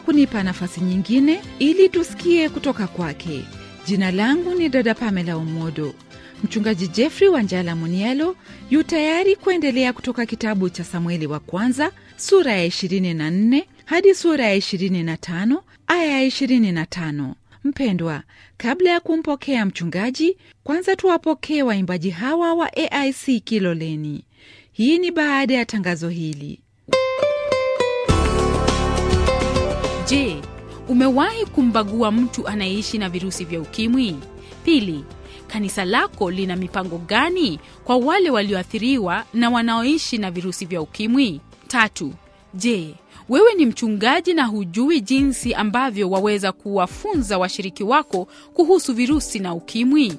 kwa kunipa nafasi nyingine ili tusikie kutoka kwake. Jina langu ni dada Pamela Umodo. Mchungaji Jeffrey Wanjala Munialo yu tayari kuendelea kutoka kitabu cha Samueli wa kwanza sura ya 24 hadi sura ya 25 aya ya 25. Mpendwa, kabla ya kumpokea mchungaji, kwanza tuwapokee waimbaji hawa wa AIC Kiloleni. Hii ni baada ya tangazo hili. Je, umewahi kumbagua mtu anayeishi na virusi vya ukimwi? Pili, kanisa lako lina mipango gani kwa wale walioathiriwa na wanaoishi na virusi vya ukimwi? Tatu, je, wewe ni mchungaji na hujui jinsi ambavyo waweza kuwafunza washiriki wako kuhusu virusi na ukimwi?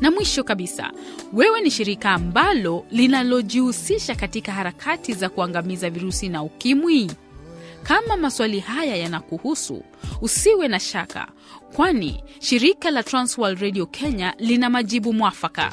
Na mwisho kabisa, wewe ni shirika ambalo linalojihusisha katika harakati za kuangamiza virusi na ukimwi? Kama maswali haya yanakuhusu, usiwe na shaka, kwani shirika la Transworld Radio Kenya lina majibu mwafaka.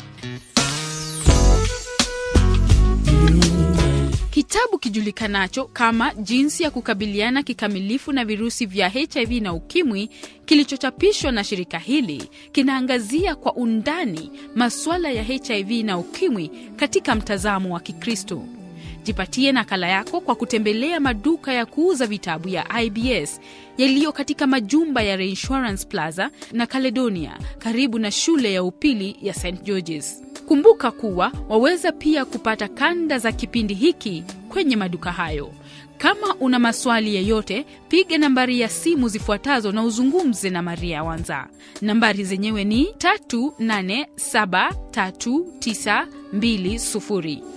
Kitabu kijulikanacho kama Jinsi ya Kukabiliana Kikamilifu na Virusi vya HIV na Ukimwi kilichochapishwa na shirika hili kinaangazia kwa undani masuala ya HIV na ukimwi katika mtazamo wa Kikristo. Jipatie nakala yako kwa kutembelea maduka ya kuuza vitabu ya IBS yaliyo katika majumba ya Reinsurance Plaza na Caledonia karibu na shule ya upili ya St Georges. Kumbuka kuwa waweza pia kupata kanda za kipindi hiki kwenye maduka hayo. Kama una maswali yeyote, piga nambari ya simu zifuatazo na uzungumze na Maria Wanza. Nambari zenyewe ni 20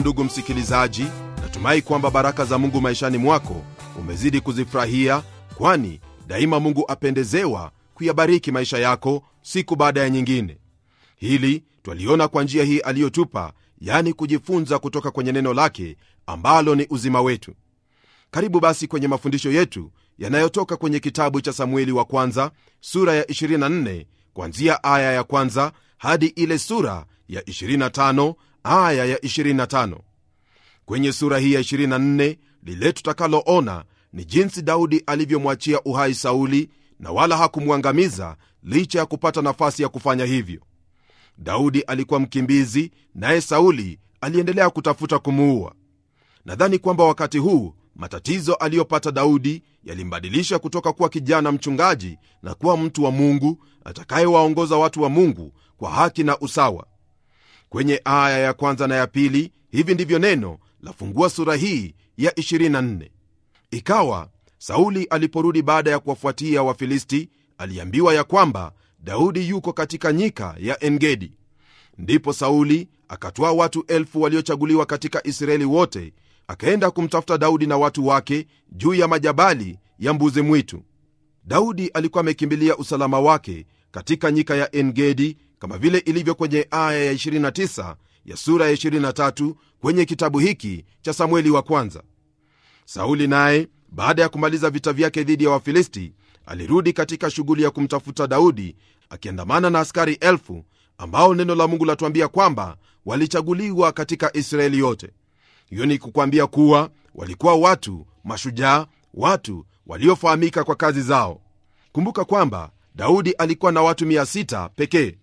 ndugu msikilizaji natumai kwamba baraka za mungu maishani mwako umezidi kuzifurahia kwani daima mungu apendezewa kuyabariki maisha yako siku baada ya nyingine hili twaliona kwa njia hii aliyotupa yani kujifunza kutoka kwenye neno lake ambalo ni uzima wetu karibu basi kwenye mafundisho yetu yanayotoka kwenye kitabu cha samueli wa kwanza sura ya 24 kwanzia aya ya kwanza hadi ile sura ya 25 aya ya 25 kwenye sura hii ya 24 lile tutakaloona ni jinsi daudi alivyomwachia uhai sauli na wala hakumwangamiza licha ya kupata nafasi ya kufanya hivyo daudi alikuwa mkimbizi naye sauli aliendelea kutafuta kumuua nadhani kwamba wakati huu matatizo aliyopata daudi yalimbadilisha kutoka kuwa kijana mchungaji na kuwa mtu wa mungu atakayewaongoza watu wa mungu kwa haki na usawa kwenye aya ya kwanza na ya pili hivi ndivyo neno lafungua sura hii ya 24 ikawa sauli aliporudi baada ya kuwafuatia wafilisti aliambiwa ya kwamba daudi yuko katika nyika ya engedi ndipo sauli akatwaa watu elfu waliochaguliwa katika israeli wote akaenda kumtafuta daudi na watu wake juu ya majabali ya mbuzi mwitu daudi alikuwa amekimbilia usalama wake katika nyika ya engedi kama vile ilivyo kwenye aya ya 29 ya sura ya 23 kwenye kitabu hiki cha Samueli wa kwanza. Sauli naye baada ya kumaliza vita vyake dhidi ya Wafilisti alirudi katika shughuli ya kumtafuta Daudi akiandamana na askari elfu ambao neno la Mungu latuambia kwamba walichaguliwa katika Israeli yote. Hiyo ni kukwambia kuwa walikuwa watu mashujaa, watu waliofahamika kwa kazi zao. Kumbuka kwamba Daudi alikuwa na watu 600 pekee.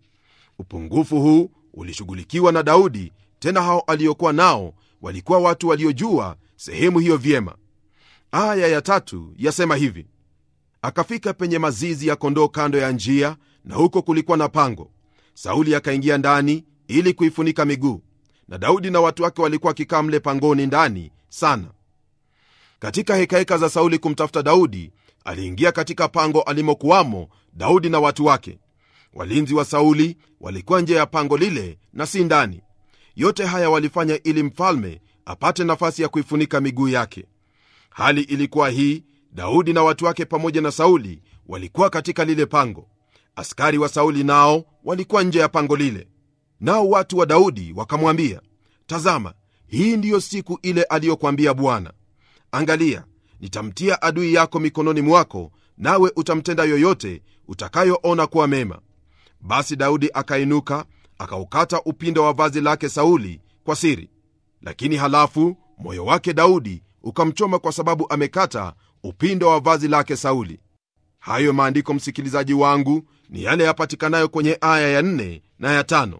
Upungufu huu ulishughulikiwa na Daudi, tena hao aliokuwa nao walikuwa watu waliojua sehemu hiyo vyema. Aya ya tatu yasema hivi: akafika penye mazizi ya kondoo kando ya njia, na huko kulikuwa na pango. Sauli akaingia ndani ili kuifunika miguu, na Daudi na watu wake walikuwa wakikaa mle pangoni ndani sana. Katika hekaheka za Sauli kumtafuta Daudi, aliingia katika pango alimokuwamo Daudi na watu wake walinzi wa sauli walikuwa nje ya pango lile na si ndani yote haya walifanya ili mfalme apate nafasi ya kuifunika miguu yake hali ilikuwa hii daudi na watu wake pamoja na sauli walikuwa katika lile pango askari wa sauli nao walikuwa nje ya pango lile nao watu wa daudi wakamwambia tazama hii ndiyo siku ile aliyokwambia bwana angalia nitamtia adui yako mikononi mwako nawe utamtenda yoyote utakayoona kuwa mema basi Daudi akainuka akaukata upindo wa vazi lake Sauli kwa siri, lakini halafu moyo wake Daudi ukamchoma kwa sababu amekata upindo wa vazi lake Sauli. Hayo maandiko, msikilizaji wangu, ni yale yapatikanayo kwenye aya ya nne na ya tano.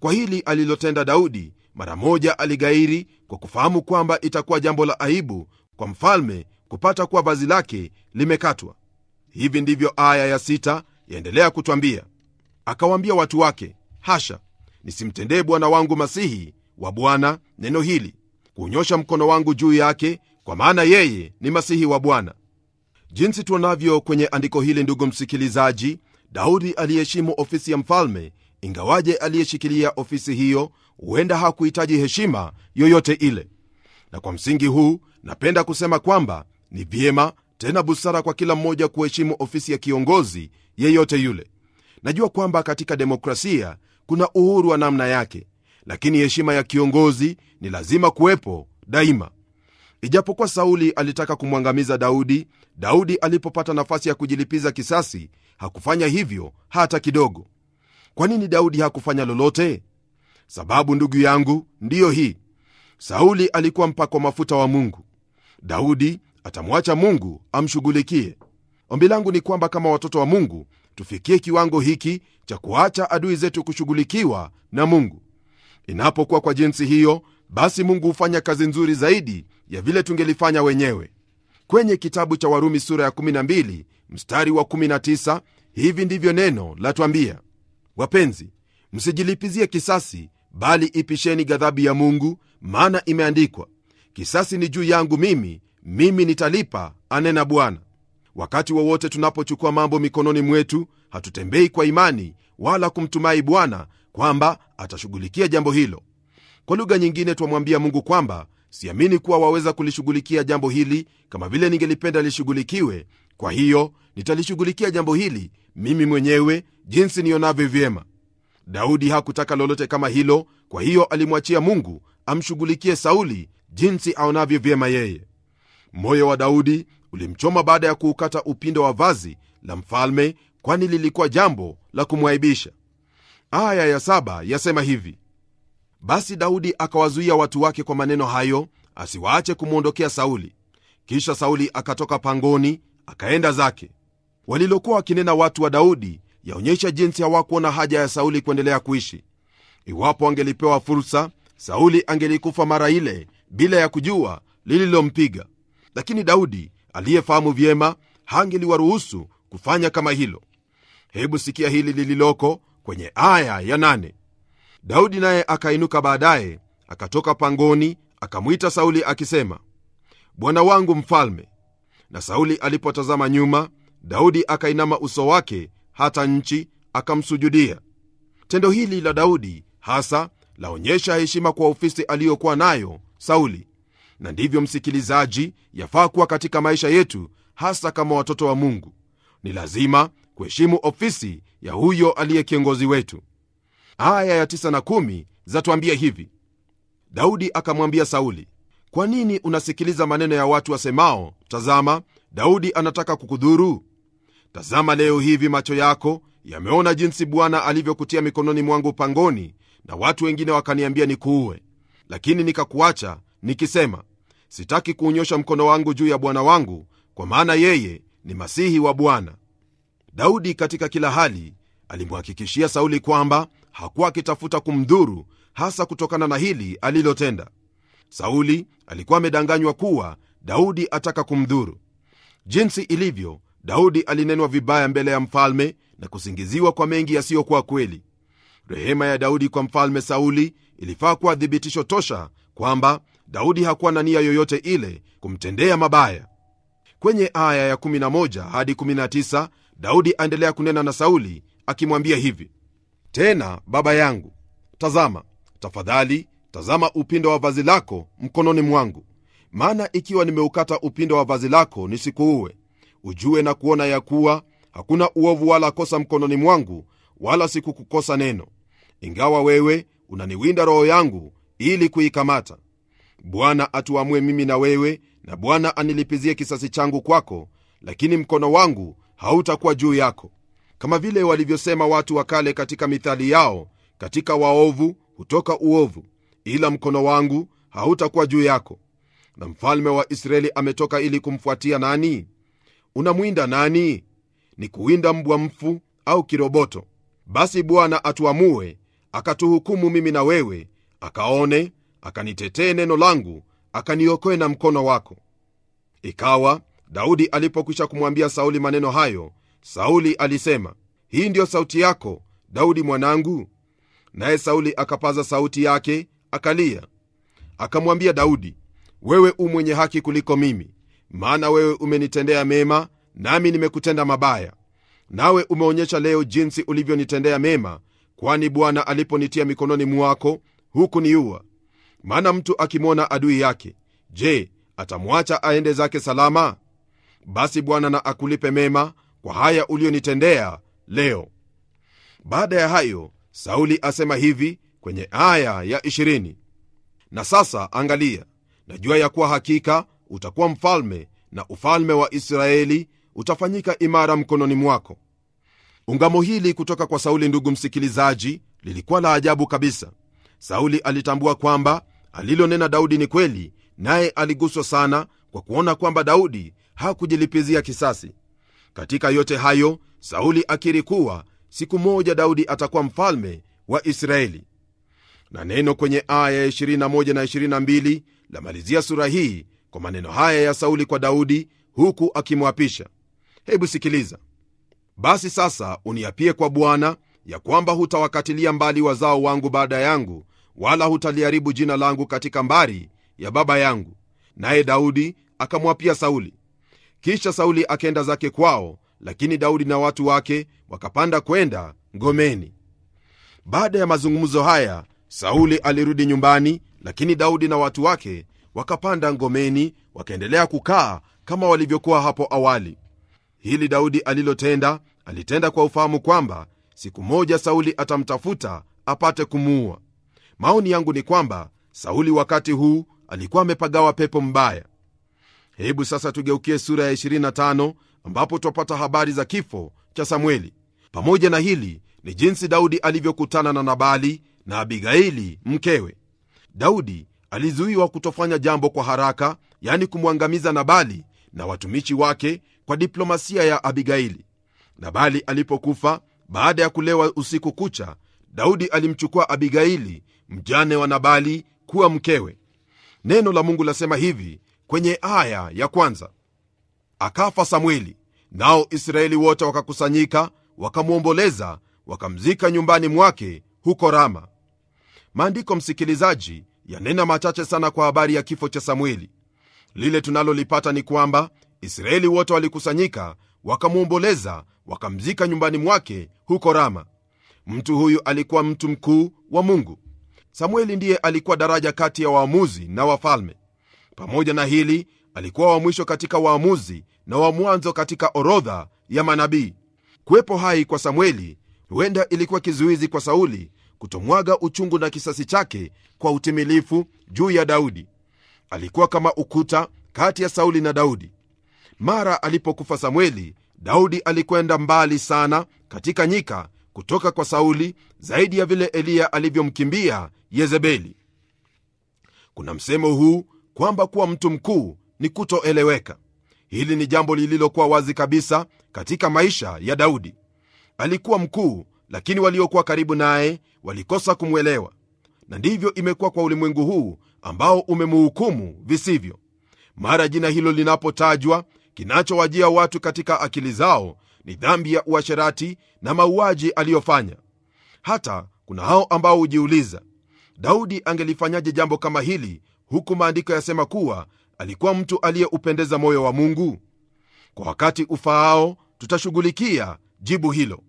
Kwa hili alilotenda Daudi, mara moja aligairi kwa kufahamu kwamba itakuwa jambo la aibu kwa mfalme kupata kuwa vazi lake limekatwa. Hivi ndivyo aya ya sita yaendelea kutwambia akawaambia watu wake hasha nisimtendee bwana wangu masihi wa bwana neno hili kunyosha mkono wangu juu yake kwa maana yeye ni masihi wa bwana jinsi tuonavyo kwenye andiko hili ndugu msikilizaji daudi aliyeheshimu ofisi ya mfalme ingawaje aliyeshikilia ofisi hiyo huenda hakuhitaji heshima yoyote ile na kwa msingi huu napenda kusema kwamba ni vyema tena busara kwa kila mmoja kuheshimu ofisi ya kiongozi yeyote yule najua kwamba katika demokrasia kuna uhuru wa namna yake lakini heshima ya kiongozi ni lazima kuwepo daima ijapokuwa sauli alitaka kumwangamiza daudi daudi alipopata nafasi ya kujilipiza kisasi hakufanya hivyo hata kidogo kwa nini daudi hakufanya lolote sababu ndugu yangu ndiyo hii sauli alikuwa mpakwa mafuta wa mungu daudi atamwacha mungu amshughulikie ombi langu ni kwamba kama watoto wa mungu tufikie kiwango hiki cha kuacha adui zetu kushughulikiwa na mungu inapokuwa kwa jinsi hiyo basi mungu hufanya kazi nzuri zaidi ya vile tungelifanya wenyewe kwenye kitabu cha warumi sura ya 12 mstari wa 19 hivi ndivyo neno latwambia wapenzi msijilipizie kisasi bali ipisheni ghadhabu ya mungu maana imeandikwa kisasi ni juu yangu mimi mimi nitalipa anena bwana wakati wowote tunapochukua mambo mikononi mwetu hatutembei kwa imani wala kumtumai bwana kwamba atashughulikia jambo hilo kwa lugha nyingine twamwambia mungu kwamba siamini kuwa waweza kulishughulikia jambo hili kama vile ningelipenda lishughulikiwe kwa hiyo nitalishughulikia jambo hili mimi mwenyewe jinsi nionavyo vyema daudi hakutaka lolote kama hilo kwa hiyo alimwachia mungu amshughulikie sauli jinsi aonavyo vyema yeye moyo wa daudi ulimchoma baada ya kuukata upindo wa vazi la mfalme, kwani lilikuwa jambo la kumwaibisha. Aya ya saba yasema hivi: basi Daudi akawazuia watu wake kwa maneno hayo, asiwaache kumwondokea Sauli. Kisha Sauli akatoka pangoni akaenda zake. Walilokuwa wakinena watu wa Daudi yaonyesha jinsi hawakuona haja ya Sauli kuendelea kuishi. Iwapo angelipewa fursa, Sauli angelikufa mara ile bila ya kujua lililompiga, lakini Daudi aliyefahamu vyema hangeliwaruhusu kufanya kama hilo. Hebu sikia hili lililoko kwenye aya ya nane. Daudi naye akainuka baadaye, akatoka pangoni, akamwita Sauli akisema, bwana wangu mfalme. Na Sauli alipotazama nyuma, Daudi akainama uso wake hata nchi, akamsujudia. Tendo hili la Daudi hasa laonyesha heshima kwa ofisi aliyokuwa nayo Sauli, na ndivyo msikilizaji, yafaa kuwa katika maisha yetu, hasa kama watoto wa Mungu. Ni lazima kuheshimu ofisi ya huyo aliye kiongozi wetu. Aya ya tisa na kumi zatuambia hivi: Daudi akamwambia Sauli, kwa nini unasikiliza maneno ya watu wasemao, tazama, Daudi anataka kukudhuru? Tazama, leo hivi macho yako yameona jinsi Bwana alivyokutia mikononi mwangu pangoni, na watu wengine wakaniambia nikuue, lakini nikakuacha nikisema, sitaki kuunyosha mkono wangu juu ya bwana wangu kwa maana yeye ni masihi wa bwana daudi katika kila hali alimhakikishia sauli kwamba hakuwa akitafuta kumdhuru hasa kutokana na hili alilotenda sauli alikuwa amedanganywa kuwa daudi ataka kumdhuru jinsi ilivyo daudi alinenwa vibaya mbele ya mfalme na kusingiziwa kwa mengi yasiyokuwa kweli rehema ya daudi kwa mfalme sauli ilifaa kuwa thibitisho tosha kwamba daudi hakuwa na nia yoyote ile kumtendea mabaya kwenye aya ya 11 hadi 19 daudi aendelea kunena na sauli akimwambia hivi tena baba yangu tazama tafadhali tazama upindo wa vazi lako mkononi mwangu maana ikiwa nimeukata upindo wa vazi lako nisikuue ujue na kuona ya kuwa hakuna uovu wala kosa mkononi mwangu wala sikukukosa neno ingawa wewe unaniwinda roho yangu ili kuikamata Bwana atuamue mimi na wewe, na Bwana anilipizie kisasi changu kwako, lakini mkono wangu hautakuwa juu yako. Kama vile walivyosema watu wa kale katika mithali yao, katika waovu hutoka uovu, ila mkono wangu hautakuwa juu yako. Na mfalme wa Israeli ametoka ili kumfuatia nani? Unamwinda nani? Ni kuwinda mbwa mfu au kiroboto? Basi Bwana atuamue akatuhukumu mimi na wewe, akaone akanitetee neno langu, akaniokoe na mkono wako. Ikawa Daudi alipokwisha kumwambia Sauli maneno hayo, Sauli alisema, hii ndiyo sauti yako Daudi mwanangu? Naye Sauli akapaza sauti yake akalia. Akamwambia Daudi, wewe u mwenye haki kuliko mimi, maana wewe umenitendea mema, nami nimekutenda mabaya, nawe umeonyesha leo jinsi ulivyonitendea mema, kwani Bwana aliponitia mikononi mwako hukuniua, maana mtu akimwona adui yake, je, atamwacha aende zake salama? Basi Bwana na akulipe mema kwa haya uliyonitendea leo. Baada ya hayo, Sauli asema hivi kwenye aya ya 20: na sasa angalia, najua ya kuwa hakika utakuwa mfalme na ufalme wa Israeli utafanyika imara mkononi mwako. Ungamo hili kutoka kwa Sauli, ndugu msikilizaji, lilikuwa la ajabu kabisa. Sauli alitambua kwamba alilonena Daudi ni kweli, naye aliguswa sana kwa kuona kwamba Daudi hakujilipizia kisasi. Katika yote hayo, Sauli akiri kuwa siku moja Daudi atakuwa mfalme wa Israeli. Na neno kwenye aya ya 21 na 22 lamalizia sura hii kwa maneno haya ya Sauli kwa Daudi huku akimwapisha. Hebu sikiliza: basi sasa uniapie kwa Bwana ya kwamba hutawakatilia mbali wazao wangu baada yangu wala hutaliharibu jina langu katika mbari ya baba yangu. Naye Daudi akamwapia Sauli. Kisha Sauli akaenda zake kwao, lakini Daudi na watu wake wakapanda kwenda ngomeni. Baada ya mazungumzo haya, Sauli alirudi nyumbani, lakini Daudi na watu wake wakapanda ngomeni, wakaendelea kukaa kama walivyokuwa hapo awali. Hili Daudi alilotenda alitenda kwa ufahamu kwamba siku moja Sauli atamtafuta apate kumuua. Maoni yangu ni kwamba Sauli wakati huu alikuwa amepagawa pepo mbaya. Hebu sasa tugeukie sura ya 25 ambapo twapata habari za kifo cha Samweli. Pamoja na hili ni jinsi Daudi alivyokutana na Nabali na Abigaili mkewe. Daudi alizuiwa kutofanya jambo kwa haraka, yani kumwangamiza Nabali na watumishi wake kwa diplomasia ya Abigaili. Nabali alipokufa baada ya kulewa usiku kucha, Daudi alimchukua Abigaili mjane wa Nabali kuwa mkewe. Neno la Mungu lasema hivi kwenye aya ya kwanza, akafa samueli nao Israeli wote wakakusanyika, wakamwomboleza, wakamzika nyumbani mwake huko Rama. Maandiko, msikilizaji, yanena machache sana kwa habari ya kifo cha Samueli. Lile tunalolipata ni kwamba Israeli wote walikusanyika wakamwomboleza wakamzika nyumbani mwake huko Rama. Mtu huyu alikuwa mtu mkuu wa Mungu samueli ndiye alikuwa daraja kati ya waamuzi na wafalme pamoja na hili alikuwa wa mwisho katika waamuzi na wa mwanzo katika orodha ya manabii kuwepo hai kwa samueli huenda ilikuwa kizuizi kwa sauli kutomwaga uchungu na kisasi chake kwa utimilifu juu ya daudi alikuwa kama ukuta kati ya sauli na daudi mara alipokufa samueli daudi alikwenda mbali sana katika nyika kutoka kwa sauli zaidi ya vile eliya alivyomkimbia yezebeli kuna msemo huu kwamba kuwa mtu mkuu ni kutoeleweka hili ni jambo lililokuwa wazi kabisa katika maisha ya daudi alikuwa mkuu lakini waliokuwa karibu naye walikosa kumwelewa na ndivyo imekuwa kwa ulimwengu huu ambao umemuhukumu visivyo mara jina hilo linapotajwa kinachowajia watu katika akili zao ni dhambi ya uasherati na mauaji aliyofanya hata kuna hao ambao hujiuliza daudi angelifanyaje jambo kama hili huku maandiko yasema kuwa alikuwa mtu aliyeupendeza moyo wa mungu kwa wakati ufaao tutashughulikia jibu hilo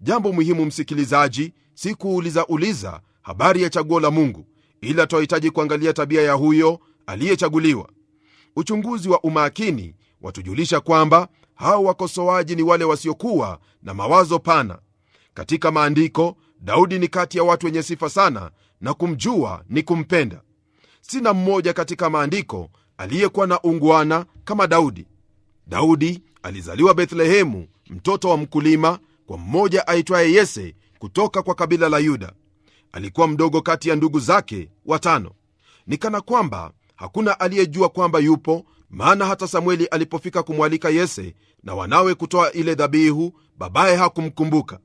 jambo muhimu msikilizaji si kuuliza uliza habari ya chaguo la mungu ila twahitaji kuangalia tabia ya huyo aliyechaguliwa uchunguzi wa umakini watujulisha kwamba hao wakosoaji ni wale wasiokuwa na mawazo pana katika maandiko daudi ni kati ya watu wenye sifa sana na kumjua ni kumpenda. Sina mmoja katika maandiko aliyekuwa na ungwana kama Daudi. Daudi alizaliwa Bethlehemu, mtoto wa mkulima, kwa mmoja aitwaye Yese kutoka kwa kabila la Yuda. Alikuwa mdogo kati ya ndugu zake watano. Ni kana kwamba hakuna aliyejua kwamba yupo, maana hata Samueli alipofika kumwalika Yese na wanawe kutoa ile dhabihu, babaye hakumkumbuka.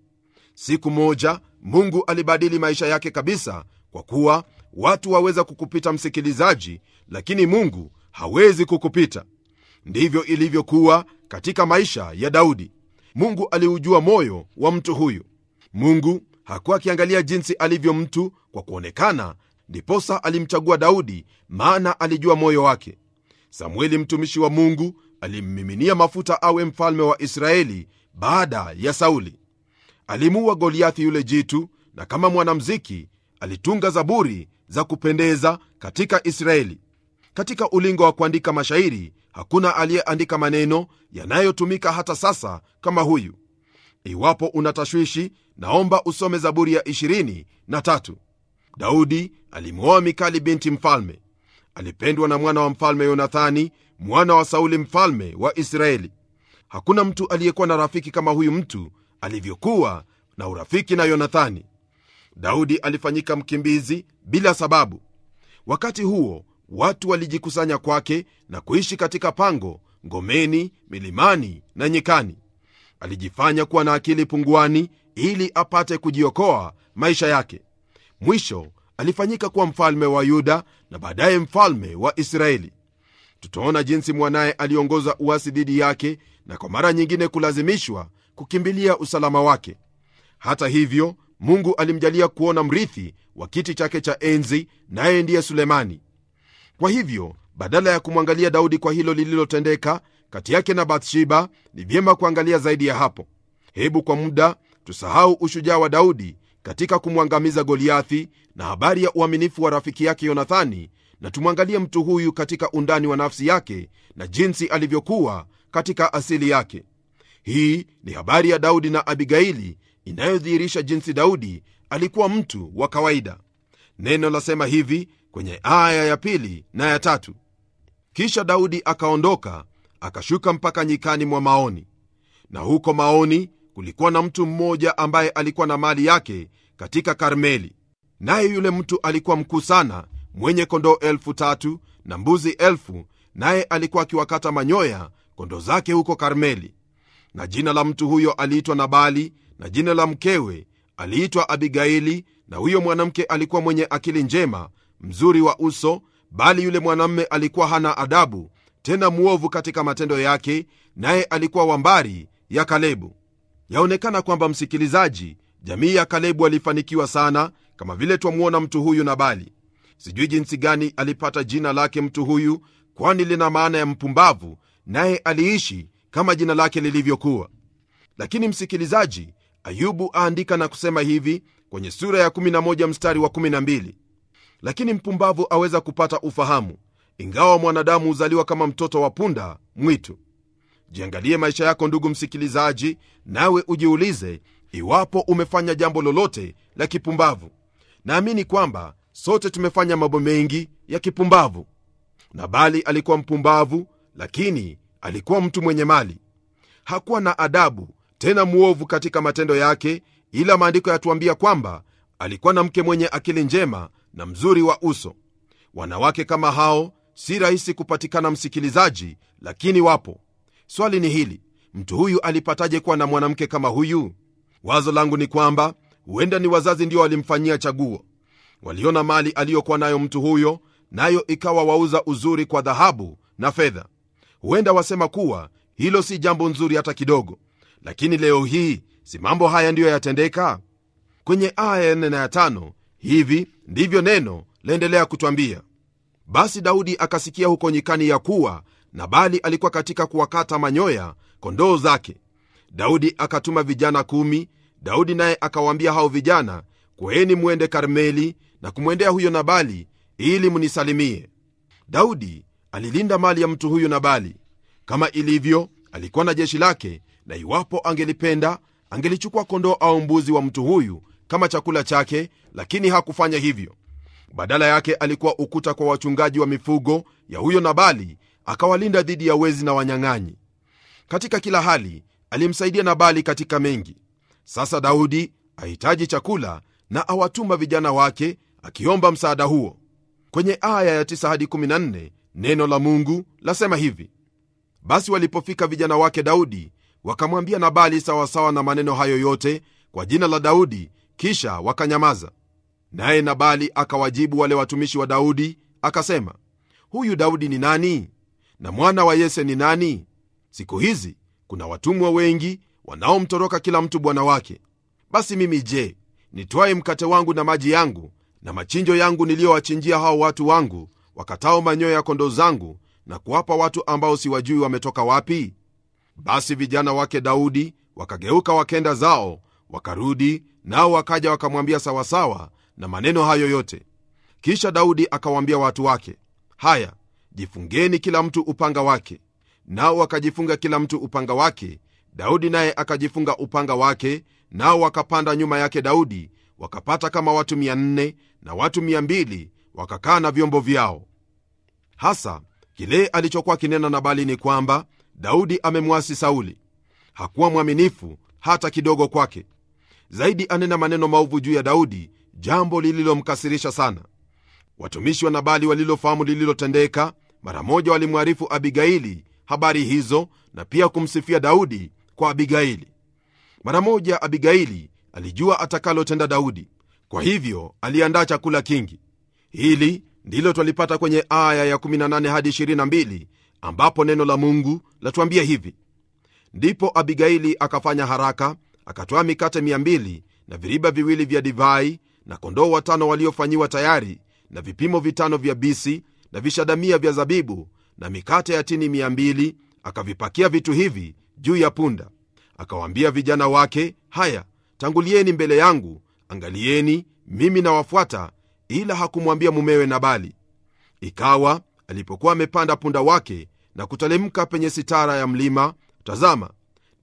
Siku moja Mungu alibadili maisha yake kabisa kwa kuwa watu waweza kukupita msikilizaji lakini mungu hawezi kukupita ndivyo ilivyokuwa katika maisha ya daudi mungu aliujua moyo wa mtu huyu mungu hakuwa akiangalia jinsi alivyo mtu kwa kuonekana ndiposa alimchagua daudi maana alijua moyo wake samueli mtumishi wa mungu alimmiminia mafuta awe mfalme wa israeli baada ya sauli alimuua goliathi yule jitu na kama mwanamziki alitunga zaburi za kupendeza katika israeli katika ulingo wa kuandika mashairi hakuna aliyeandika maneno yanayotumika hata sasa kama huyu iwapo una tashwishi naomba usome zaburi ya 23 daudi alimwoa mikali binti mfalme alipendwa na mwana wa mfalme yonathani mwana wa sauli mfalme wa israeli hakuna mtu aliyekuwa na rafiki kama huyu mtu alivyokuwa na urafiki na yonathani Daudi alifanyika mkimbizi bila sababu. Wakati huo watu walijikusanya kwake na kuishi katika pango, ngomeni, milimani na nyikani. Alijifanya kuwa na akili punguani ili apate kujiokoa maisha yake. Mwisho alifanyika kuwa mfalme wa Yuda na baadaye mfalme wa Israeli. Tutaona jinsi mwanaye aliongoza uasi dhidi yake na kwa mara nyingine kulazimishwa kukimbilia usalama wake. Hata hivyo, Mungu alimjalia kuona mrithi wa kiti chake cha enzi, naye ndiye Sulemani. Kwa hivyo badala ya kumwangalia Daudi kwa hilo lililotendeka kati yake na Bathsheba, ni vyema kuangalia zaidi ya hapo. Hebu kwa muda tusahau ushujaa wa Daudi katika kumwangamiza Goliathi na habari ya uaminifu wa rafiki yake Yonathani, na tumwangalie mtu huyu katika undani wa nafsi yake na jinsi alivyokuwa katika asili yake. Hii ni habari ya Daudi na Abigaili inayodhihirisha jinsi Daudi alikuwa mtu wa kawaida. Neno lasema hivi kwenye aya ya pili na ya tatu: kisha Daudi akaondoka akashuka mpaka nyikani mwa Maoni, na huko Maoni kulikuwa na mtu mmoja ambaye alikuwa na mali yake katika Karmeli, naye yule mtu alikuwa mkuu sana, mwenye kondoo elfu tatu na mbuzi elfu, naye alikuwa akiwakata manyoya kondoo zake huko Karmeli. Na jina la mtu huyo aliitwa Nabali na jina la mkewe aliitwa Abigaili, na huyo mwanamke alikuwa mwenye akili njema, mzuri wa uso, bali yule mwanamme alikuwa hana adabu, tena mwovu katika matendo yake, naye alikuwa wambari ya Kalebu. Yaonekana kwamba msikilizaji, jamii ya Kalebu alifanikiwa sana, kama vile twamwona mtu huyu Nabali. Sijui jinsi gani alipata jina lake mtu huyu, kwani lina maana ya mpumbavu, naye aliishi kama jina lake lilivyokuwa. Lakini msikilizaji, ayubu aandika na kusema hivi kwenye sura ya 11 mstari wa 12 lakini mpumbavu aweza kupata ufahamu ingawa mwanadamu huzaliwa kama mtoto wa punda mwitu jiangalie maisha yako ndugu msikilizaji nawe ujiulize iwapo umefanya jambo lolote la kipumbavu naamini kwamba sote tumefanya mambo mengi ya kipumbavu nabali alikuwa mpumbavu lakini alikuwa mtu mwenye mali hakuwa na adabu tena mwovu katika matendo yake ila maandiko yatuambia kwamba alikuwa na mke mwenye akili njema na mzuri wa uso wanawake kama hao si rahisi kupatikana msikilizaji lakini wapo swali ni hili mtu huyu alipataje kuwa na mwanamke kama huyu wazo langu ni kwamba huenda ni wazazi ndio walimfanyia chaguo waliona mali aliyokuwa nayo mtu huyo nayo ikawa wauza uzuri kwa dhahabu na fedha huenda wasema kuwa hilo si jambo nzuri hata kidogo lakini leo hii si mambo haya ndiyo yatendeka kwenye aya ya nne na ya tano hivi ndivyo neno laendelea kutwambia basi daudi akasikia huko nyikani ya kuwa nabali alikuwa katika kuwakata manyoya kondoo zake daudi akatuma vijana kumi daudi naye akawaambia hao vijana kweni mwende karmeli na kumwendea huyo nabali ili munisalimie daudi alilinda mali ya mtu huyu nabali kama ilivyo alikuwa na jeshi lake na iwapo angelipenda angelichukua kondoo au mbuzi wa mtu huyu kama chakula chake, lakini hakufanya hivyo. Badala yake alikuwa ukuta kwa wachungaji wa mifugo ya huyo Nabali, akawalinda dhidi ya wezi na wanyang'anyi. Katika kila hali alimsaidia Nabali katika mengi. Sasa Daudi ahitaji chakula na awatuma vijana wake akiomba msaada huo. Kwenye aya ya 9 hadi 14 neno la Mungu lasema hivi: basi walipofika vijana wake Daudi wakamwambia Nabali sawasawa na maneno hayo yote kwa jina la Daudi, kisha wakanyamaza. Naye Nabali akawajibu wale watumishi wa Daudi akasema, huyu Daudi ni nani? Na mwana wa Yese ni nani? Siku hizi kuna watumwa wengi wanaomtoroka kila mtu bwana wake. Basi mimi je, nitwaye mkate wangu na maji yangu na machinjo yangu niliyowachinjia hao watu wangu wakatao manyoya ya kondoo zangu na kuwapa watu ambao siwajui wametoka wapi? basi vijana wake daudi wakageuka wakenda zao wakarudi nao wakaja wakamwambia sawasawa na maneno hayo yote kisha daudi akawaambia watu wake haya jifungeni kila mtu upanga wake nao wakajifunga kila mtu upanga wake daudi naye akajifunga upanga wake nao wakapanda nyuma yake daudi wakapata kama watu 4 na watu 200 wakakaa na vyombo vyao hasa kile alichokuwa kinena nabali ni kwamba daudi amemwasi sauli hakuwa mwaminifu hata kidogo kwake zaidi anena maneno maovu juu ya daudi jambo lililomkasirisha sana watumishi wa nabali walilofahamu lililotendeka mara moja walimwarifu abigaili habari hizo na pia kumsifia daudi kwa abigaili mara moja abigaili alijua atakalotenda daudi kwa hivyo aliandaa chakula kingi hili ndilo twalipata kwenye aya ya 18 hadi ambapo neno la mungu latuambia hivi ndipo abigaili akafanya haraka akatoa mikate mia mbili na viriba viwili vya divai na kondoo watano waliofanyiwa tayari na vipimo vitano vya bisi na vishadamia vya zabibu na mikate ya tini mia mbili akavipakia vitu hivi juu ya punda akawaambia vijana wake haya tangulieni mbele yangu angalieni mimi nawafuata ila hakumwambia mumewe nabali ikawa alipokuwa amepanda punda wake na kutelemka penye sitara ya mlima, tazama,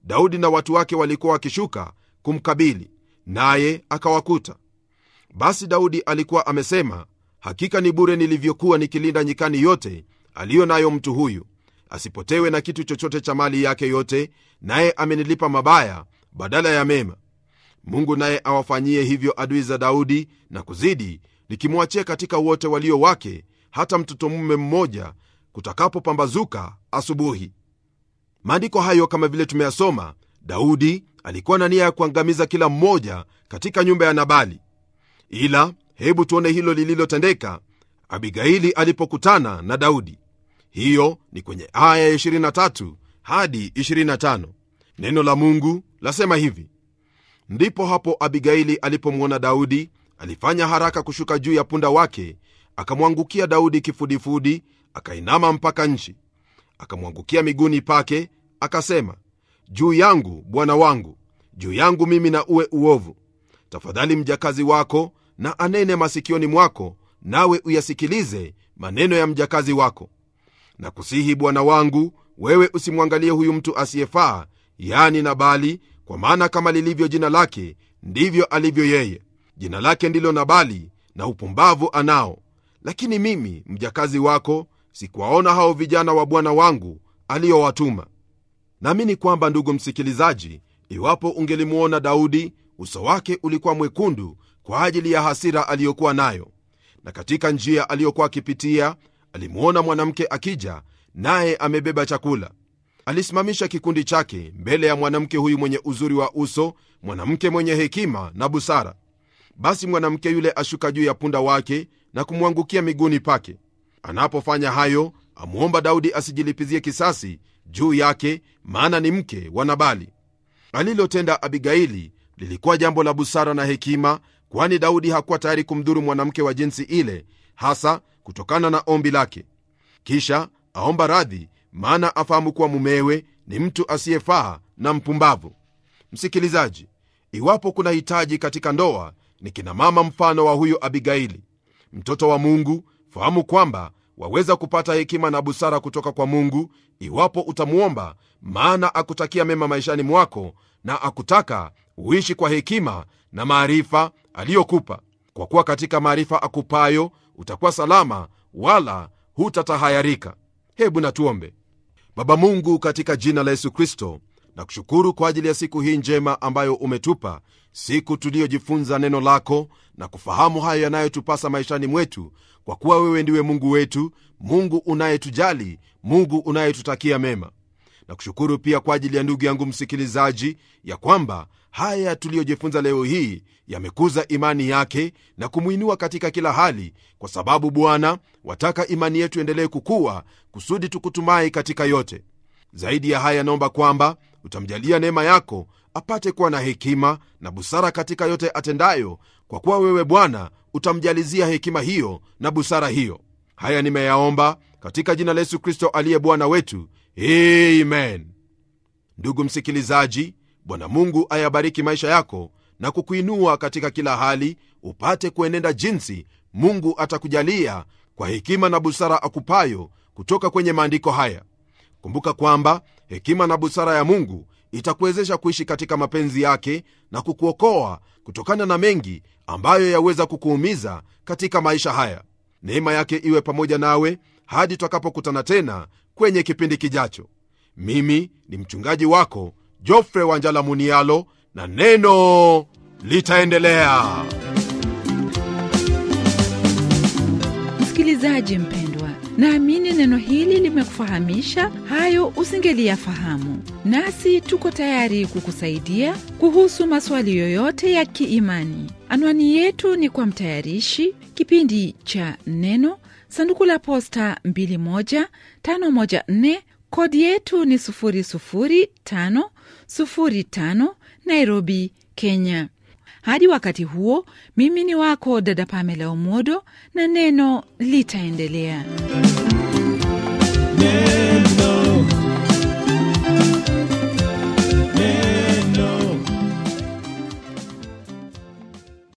Daudi na watu wake walikuwa wakishuka kumkabili, naye akawakuta. Basi Daudi alikuwa amesema, hakika ni bure nilivyokuwa nikilinda nyikani yote aliyo nayo mtu huyu, asipotewe na kitu chochote cha mali yake yote, naye amenilipa mabaya badala ya mema. Mungu naye awafanyie hivyo adui za Daudi na kuzidi, nikimwachia katika wote walio wake hata mtoto mume mmoja kutakapopambazuka asubuhi. Maandiko hayo kama vile tumeyasoma, Daudi alikuwa na nia ya kuangamiza kila mmoja katika nyumba ya Nabali, ila hebu tuone hilo lililotendeka Abigaili alipokutana na Daudi. Hiyo ni kwenye aya ya 23 hadi 25. Neno la Mungu lasema hivi: ndipo hapo Abigaili alipomwona Daudi alifanya haraka kushuka juu ya punda wake akamwangukia Daudi kifudifudi, akainama mpaka nchi, akamwangukia miguuni pake, akasema, juu yangu bwana wangu, juu yangu mimi na uwe uovu. Tafadhali mjakazi wako na anene masikioni mwako, nawe uyasikilize maneno ya mjakazi wako. Na kusihi bwana wangu, wewe usimwangalie huyu mtu asiyefaa, yani Nabali, kwa maana kama lilivyo jina lake ndivyo alivyo yeye. Jina lake ndilo Nabali, na upumbavu anao, lakini mimi mjakazi wako sikuwaona hao vijana wa bwana wangu aliyowatuma. Naamini kwamba ndugu msikilizaji, iwapo ungelimuona Daudi, uso wake ulikuwa mwekundu kwa ajili ya hasira aliyokuwa nayo, na katika njia aliyokuwa akipitia alimuona mwanamke akija, naye amebeba chakula. Alisimamisha kikundi chake mbele ya mwanamke huyu mwenye uzuri wa uso, mwanamke mwenye hekima na busara. Basi mwanamke yule ashuka juu ya punda wake na kumwangukia miguuni pake. Anapofanya hayo, amwomba Daudi asijilipizie kisasi juu yake, maana ni mke wa Nabali. Alilotenda Abigaili lilikuwa jambo la busara na hekima, kwani Daudi hakuwa tayari kumdhuru mwanamke wa jinsi ile, hasa kutokana na ombi lake. Kisha aomba radhi, maana afahamu kuwa mumewe ni mtu asiyefaa na mpumbavu. Msikilizaji, iwapo kuna hitaji katika ndoa, ni kinamama mfano wa huyo Abigaili mtoto wa Mungu, fahamu kwamba waweza kupata hekima na busara kutoka kwa Mungu iwapo utamwomba, maana akutakia mema maishani mwako na akutaka uishi kwa hekima na maarifa aliyokupa, kwa kuwa katika maarifa akupayo utakuwa salama, wala hutatahayarika. Hebu natuombe. Baba Mungu, katika jina la Yesu Kristo, nakushukuru kwa ajili ya siku hii njema ambayo umetupa, siku tuliyojifunza neno lako na kufahamu hayo yanayotupasa maishani mwetu, kwa kuwa wewe ndiwe Mungu wetu, Mungu unayetujali, Mungu unayetutakia mema. Na kushukuru pia kwa ajili ya ndugu yangu msikilizaji, ya kwamba haya tuliyojifunza leo hii yamekuza imani yake na kumwinua katika kila hali, kwa sababu Bwana wataka imani yetu endelee kukuwa kusudi tukutumai katika yote. Zaidi ya haya, naomba kwamba utamjalia neema yako apate kuwa na hekima na busara katika yote atendayo, kwa kuwa wewe Bwana utamjalizia hekima hiyo na busara hiyo. Haya nimeyaomba katika jina la Yesu Kristo aliye Bwana wetu, amen. Ndugu msikilizaji, Bwana Mungu ayabariki maisha yako na kukuinua katika kila hali, upate kuenenda jinsi Mungu atakujalia kwa hekima na busara akupayo kutoka kwenye maandiko haya. Kumbuka kwamba hekima na busara ya Mungu itakuwezesha kuishi katika mapenzi yake na kukuokoa kutokana na mengi ambayo yaweza kukuumiza katika maisha haya. Neema yake iwe pamoja nawe hadi twakapokutana tena kwenye kipindi kijacho. Mimi ni mchungaji wako Jofre njala Munialo, na neno litaendelea. Msikilizaji Naamini neno hili limekufahamisha hayo usingeliyafahamu, nasi tuko tayari kukusaidia kuhusu maswali yoyote ya kiimani. Anwani yetu ni kwa mtayarishi kipindi cha Neno, sanduku la posta 21514 kodi yetu ni 5 Nairobi, Kenya. Hadi wakati huo, mimi ni wako dada Pamela Omodo na neno litaendelea.